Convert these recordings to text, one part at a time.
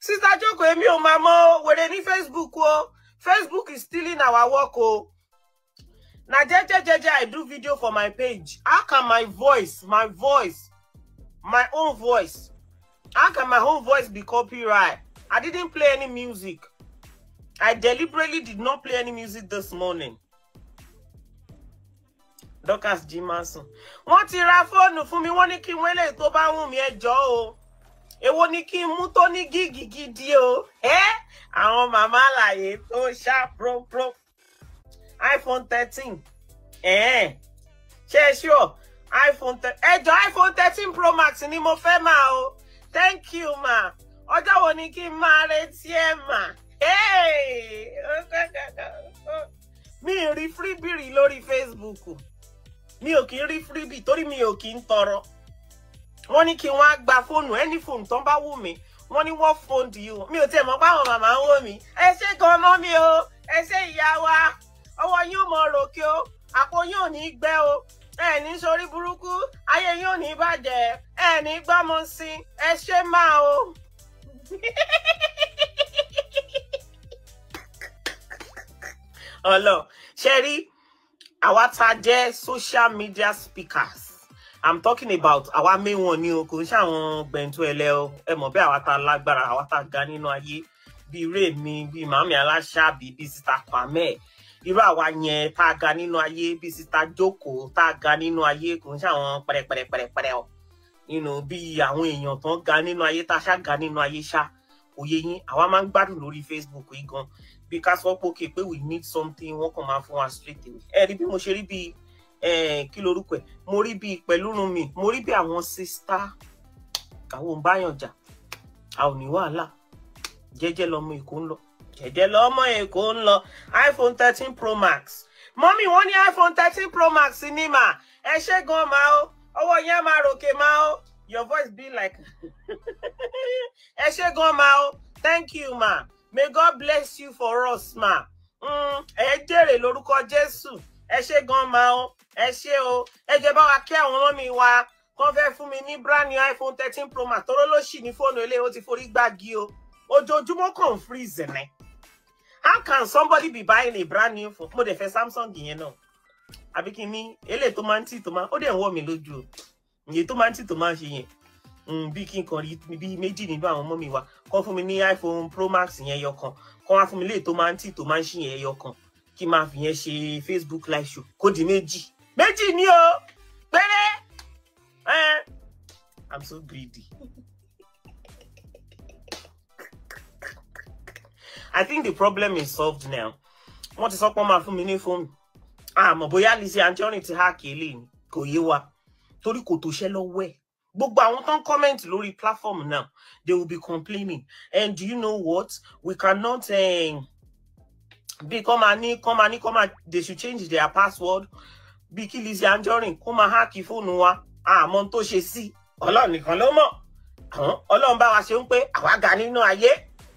sister joko èmi ò máa mọ We're ní facebook o facebook is stealing our work o na jejejeje i do video for my page how can my voice my voice my own voice how can my own voice be copyright i didn't play any music i deliberately did not play any music this morning dorcas jimason wọ́n ti ra fóònù fún mi wọ́n ní kí n wẹlé tó bá wù mí ẹ o èwo ni kí n mú tó ní gígì gidi o ẹ àwọn màmá àlàyé tó ṣá propro iphone thirteen ẹ ṣe é ṣíọ iphone ẹjọ iphone thirteen pro max ni mo fẹ́ máa o thank you ma ọjọ́ wo ni kí n máa retí ẹ̀ mà mi ì rí fíríbìrì lórí facebook mi ò kì í rí fíríbì torí mi ò kì í tọrọ wọ́n ní kí wọ́n á gba fóònù ẹni fóònù tán bá wù mí wọ́n ní wọ́n fóònù dì í o mi ò tiẹ̀ mọ̀ páwọn màmá ń wò mí ẹ ṣe gan mọ́ mi o ẹ ṣe ìyá wa ọwọ́ yín ò mọ ròkè o àpò yín ò ní gbẹ o ẹ ní sórí burúkú ayé yín ò ní bàjẹ́ ẹ ní gbọ́mọ sí ẹ ṣe máa o. ọlọ ṣe rí àwa tá a social media speakers i'm talking about àwa main one ni o kò ń ṣàwọn gbẹ̀ǹtó ẹlẹ́ o ẹ mọ̀ bí àwa ta lágbára àwa ta ga nínú ayé bíi rèmi bíi màmí aláṣà bíi bíi sita kwame irú àwa yẹn tá a ga nínú ayé bíi sita jókòó tá a ga nínú ayé kò ń ṣàwọn pẹ̀rẹ̀pẹ̀rẹ̀pẹ̀rẹ̀ o nínú bíi àwọn èèyàn tán ga nínú ayé tá a ṣá ga nínú ayé ṣá òye yín àwa máa ń gbádùn lórí facebook yìí gan bí ká sọ pé òkè pé we need something wọn kàn máa fún wa straight away ẹ rí bí mo ṣe rí bíi Eh, kí lorúkọ ẹ̀ mo rí bíi Pẹ̀lúrunmi mo rí bíi àwọn sista àwọn báyànjà a ò ní wàhálà jẹ́jẹ́ lọmọ èkó ń lọ jẹ́jẹ́ lọmọ èkó ń lọ iPhone thirteen Pro Max mọ́mí wọ́n ní iPhone thirteen Pro Max ní mà ẹ ṣe gan ma o, ọwọ́ yẹn máa ròkè máa ó your voice be like ẹ ṣe gan máa ó thank you ma may God bless you for us ma mm, ẹ jèrè lórúkọ Jésù ẹ ṣe gan ma o ẹ ṣe o ẹ jẹ́ bá wa kí àwọn ọmọ wa kọ́ fẹ́ fún mi ní brand new iphone thirteen pro max tóró ló ṣì ní fóònù eléyìí ó ti forí gbági o ojoojúmọ́ kàn freeze ni how can somebody be buying a brand new phone mo dẹ̀ fẹ́ samsung yẹn náà àbí kí n ní eléyìí tó máa ń tì tó máa ó dẹ̀ ń wọ̀ mí lójú o iye tó máa ń tì tó máa ń ṣe yẹn hmm, bí kí n kàn rí bí méjì nínú àwọn ọmọ mi wa kọ́ fún mi ní iphone pro max yẹn ẹyọ kan kọ́ wá fún mi léyìí tó máa ń tì tó máa ń ṣe yẹn ẹyọ kí máa fi yẹn ṣe Facebook live show kó di méjì méjì ni o péré I'm so greedy. I think the problem is solved now. Wọ́n ti sọ pé wọ́n máa fún mi ní fóònù. Àmọ́ bóyá Lizzie Anjorin ti háàkì eléyìí kò yé wa torí kò tó ṣẹ́ lọ́wọ́ ẹ̀. Gbogbo àwọn tó ń comment lórí platform now, they will be complaining. And do you know what? We cannot. Uh, bí kọ́ máa ní kọ́ máa ní kọ́ máa they should change their password bí kí Lizzy Anjorin kó máa háàkì fóònù wa àmọ́ tó ṣe sí ọlọ́run nìkan ló mọ̀ ọlọ́run bá wa ṣe ń pé àwa ga nínú ayé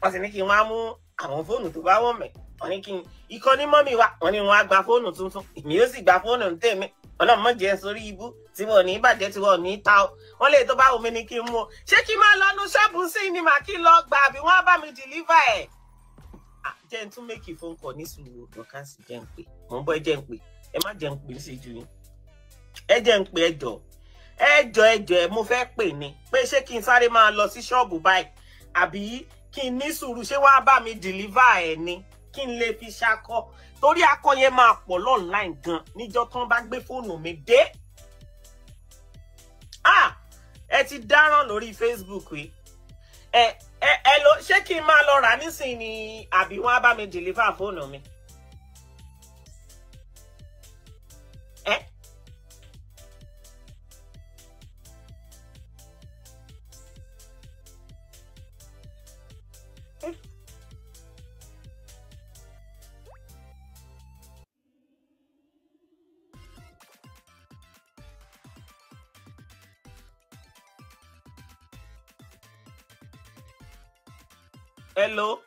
wọ́n sì ní kí n wá mú àwọn fóònù tó bá wọ̀n mẹ́ wọ́n ní kí n ikọ́ ní mọ́mì wa wọ́n ní wọ́n á gba fóònù tuntun èmi ó sì gba fóònù tèmi ọlọ́run mọ̀ jẹ́ sórí ibú tí wọ́n ní bàjẹ́ tí wọ́n ní ta ọ́ wọ́n lè tó bá omi ni kí n mú o ṣé kí n máa lọ́nu ṣọ́ọ̀bù sí ni màá kí n lọ gbà àbí wọ́n bá mi dìlíva ẹ̀ jẹ́ n tún méèkì fóun kọ ní sùúrù dọ̀kásì jẹ́ n pè mò ń bọ́ ẹ jẹ́ n pè ẹ má jẹ́ n pè ní ṣèjú yín ẹ jẹ́ n pè ẹ jọ ẹ jọ ẹ jọ ẹ mo fẹ́ pè ní pé ṣé kí n sáré máa lọ sí ṣọ́ọ̀bù báyìí àbí kí n ní sùúrù ṣé wàá bá mi dìlíva ẹ ni kí n lè fi ṣakọ torí akọ yẹn máa pọ̀ lọ́nláìn gan níjọ́ tán bá gbé fóònù mi dé ah! ẹ ti dáràn lórí Facebook yìí ẹ ẹ lọ ṣé kí n máa lọ rà nísìnyí àbí wọn á bá mi deliver fóònù mi. hello.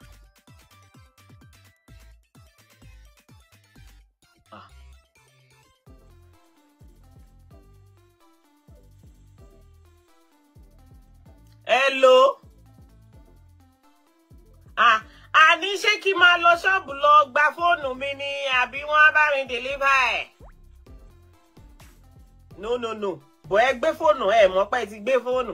hello. ah àní ah, ṣé kí n máa lọ ṣọ́ọ̀bù lọ gba fóònù mi ni àbí wọ́n á bá mi dèlíbà ẹ̀. no no no bọ̀ ẹ gbé fóònù ẹ mọ̀ pé ti gbé fóònù. no.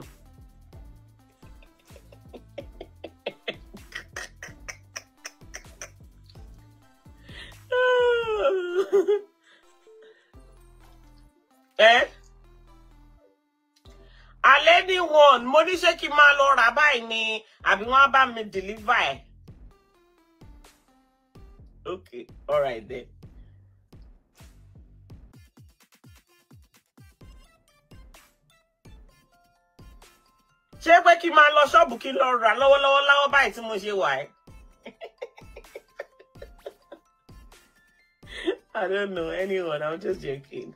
Money shaking my lord, I buy me. I be want bá deliver okay all right then. Check pé kí n máa lọ ṣọ́ọ̀bù kí n lọ rà buy láwọ́ much why? I I don't know anyone. I'm just joking.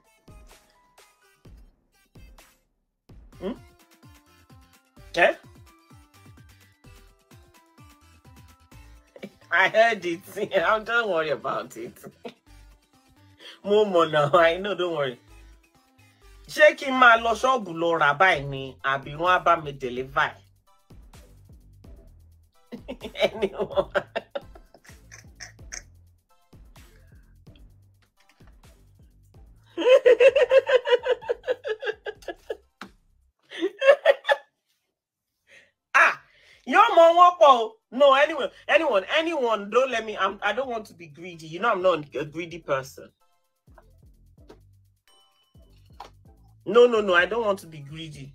Hmm? Okay? I heard it. I don't worry about it. Momo now, I know, don't worry. ṣé my loss máa lọ ṣọ́ọ̀bù me, I'll ni one by me deliver ẹ̀. anyone. anyone, don't let me, I'm, I don't want to be greedy. You know, I'm not a greedy person. No, no, no, I don't want to be greedy.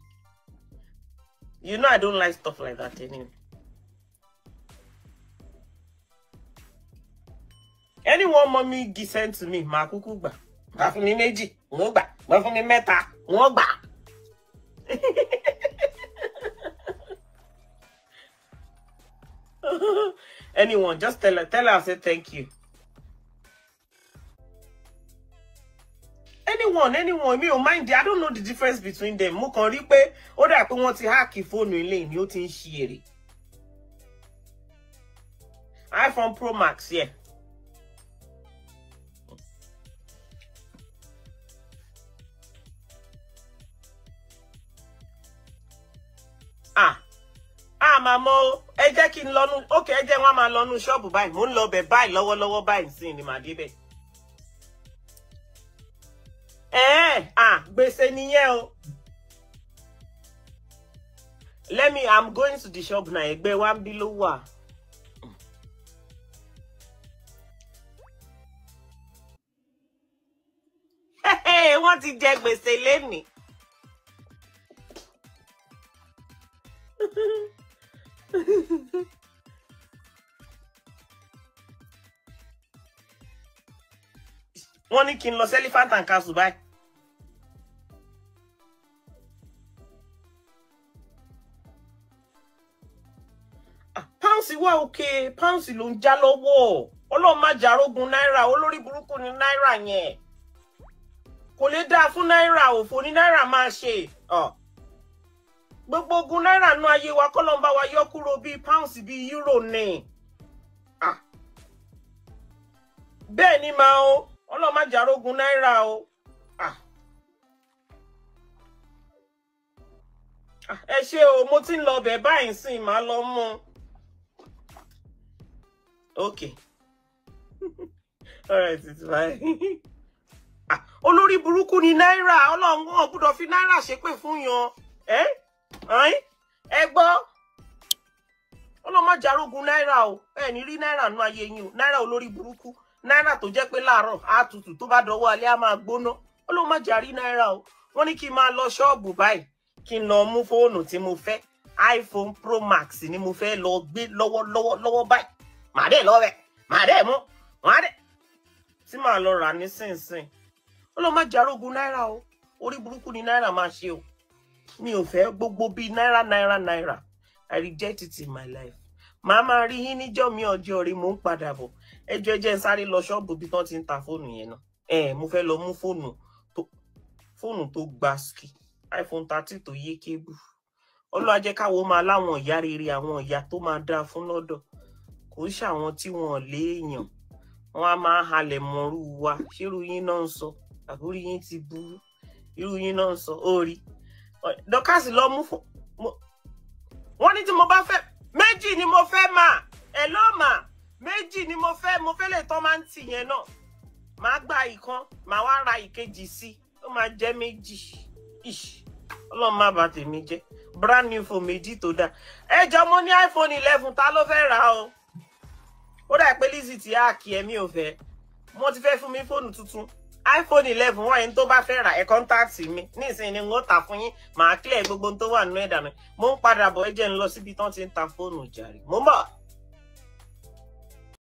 You know, I don't like stuff like that anyway. Anyone mommy descend to me, Makukuba. kúkú gbà. Má fún mi méjì, mo gbà. Má fún anyone. Just tell her, tell her I said thank you. Anyone, anyone, me ò mind. I don't know the difference between them. Mo kàn rí pé ó dà pé wọ́n ti hack phone ilé ni ó ti ń iPhone Pro Max, yeah. Ah, ah, mama ẹ jẹ́ kí n lọ́nu ókè ẹ jẹ́ wọ́n máa lọ́nu ṣọ́ọ̀bù báyìí mò ń lọ bẹ̀ báyìí lọ́wọ́lọ́wọ́ báyìí sí ni màá débẹ̀. ẹ̀ẹ́ à gbèsè nìyẹn o let me i'm going to the shop na ẹgbẹ́ wa ń bí ló wà. wọ́n ti jẹ gbèsè lénìí. wọ́n ní los elephant and castle báyìí. Ah, pounds wà òkè pounds ló ń já lọ́wọ́ ọlọ́run má jarógun náírà olórí burúkú ni náírà yẹn kò lè dáa fún náírà òfò ní náírà máa ṣe. Oh. gbogbo ogun náírà nú ayé wa kọ́ wa yọ kúrò bíi pounds bíi euro ni ah. bẹ́ẹ̀ ni máa o ọlọ́run má jàrógun náírà o ah. Ah, ẹ ṣe o mo ti ń lọ bẹ̀ báyìí sí màá lọ mú un okay it's fine olórí burúkú ni náírà ọlọ́run ò gbọ́dọ̀ fi náírà ṣépè fún yan. Eh? ẹ gbọ́ ọlọ́mọ jarogun náírà o ẹ ní rí náírà nú ayé yín o náírà olórí burúkú náírà tó jẹ́ pé láàárọ̀ á tutù tó bá dọwọ́ alẹ́ á máa gbóná ọlọ́mọ jarí náírà o wọ́n ní kí n máa lọ ṣọ́ọ̀bù báyìí kí n lọ mú fóònù tí mo fẹ́ iPhone Pro Max ni mo fẹ́ lọ gbé lọ́wọ́lọ́wọ́ lọ́wọ́ báyìí màá dẹ̀ lọ rẹ̀ màá dẹ̀ mú màá dẹ̀ tí màá lọ rà nísinsìnyí ọlọ́mọ jarogun náírà o orí burúkú ni náírà máa ṣe o mi ò fẹ́ gbogbo bíi náírà náírà náírà i reject it in my life màá máa rí yín níjọ́ mi ọjọ́ rí mò ń padà bọ̀ ẹjọ́ ẹjẹ́ ń sáré lọ ṣọ́ọ̀bù bí wọ́n ti ń ta fóònù yẹn náà ẹ mo fẹ́ lọ mú fóònù tó fóònù tó gba ski iphone thirty tó yé kébù ọlọ́ ajẹ́káwọ́ máa láwọn ìyá rere àwọn ìyá tó máa dáa fún lọ́dọ̀ kò ń ṣàwọn tí wọn léèyàn wọn á máa halẹ̀ mọ́rú wa ṣírú yín náà ń sọ àbúrú yín ti burú irú yín náà ń sọ ó rí Dorcas lọ mú fún wọn ní tí mo bá fẹ́ méjì ni mo fẹ́ mà ẹ lọ mà méjì ni mo fẹ́ mo fẹ́ lè tọ́ máa ń tì yẹn náà màá gba ìkan màá wá ra ìkejì sí ó máa jẹ́ méjì ọlọ́run má bà tèmi jẹ́ brand new phone méjì tó dáa ẹ jọ mo ní iPhone eleven ta ló fẹ́ rà o ó dà pé Lizzy ti á kí ẹ ò fẹ́ wọ́n ti fẹ́ fún mi fóònù tuntun iphone eleven wọ́n ẹni tó bá fẹ́ rà ẹ̀ kọ́ńtáàtì mi nísìnyí ni n ó tà fún yín màá clear gbogbo tó wà nínú ẹ̀dà mi mo ń padà bọ̀ ẹ jẹ́ n lọ síbi tán ti ń ta fóònù jàre mo ń bọ̀.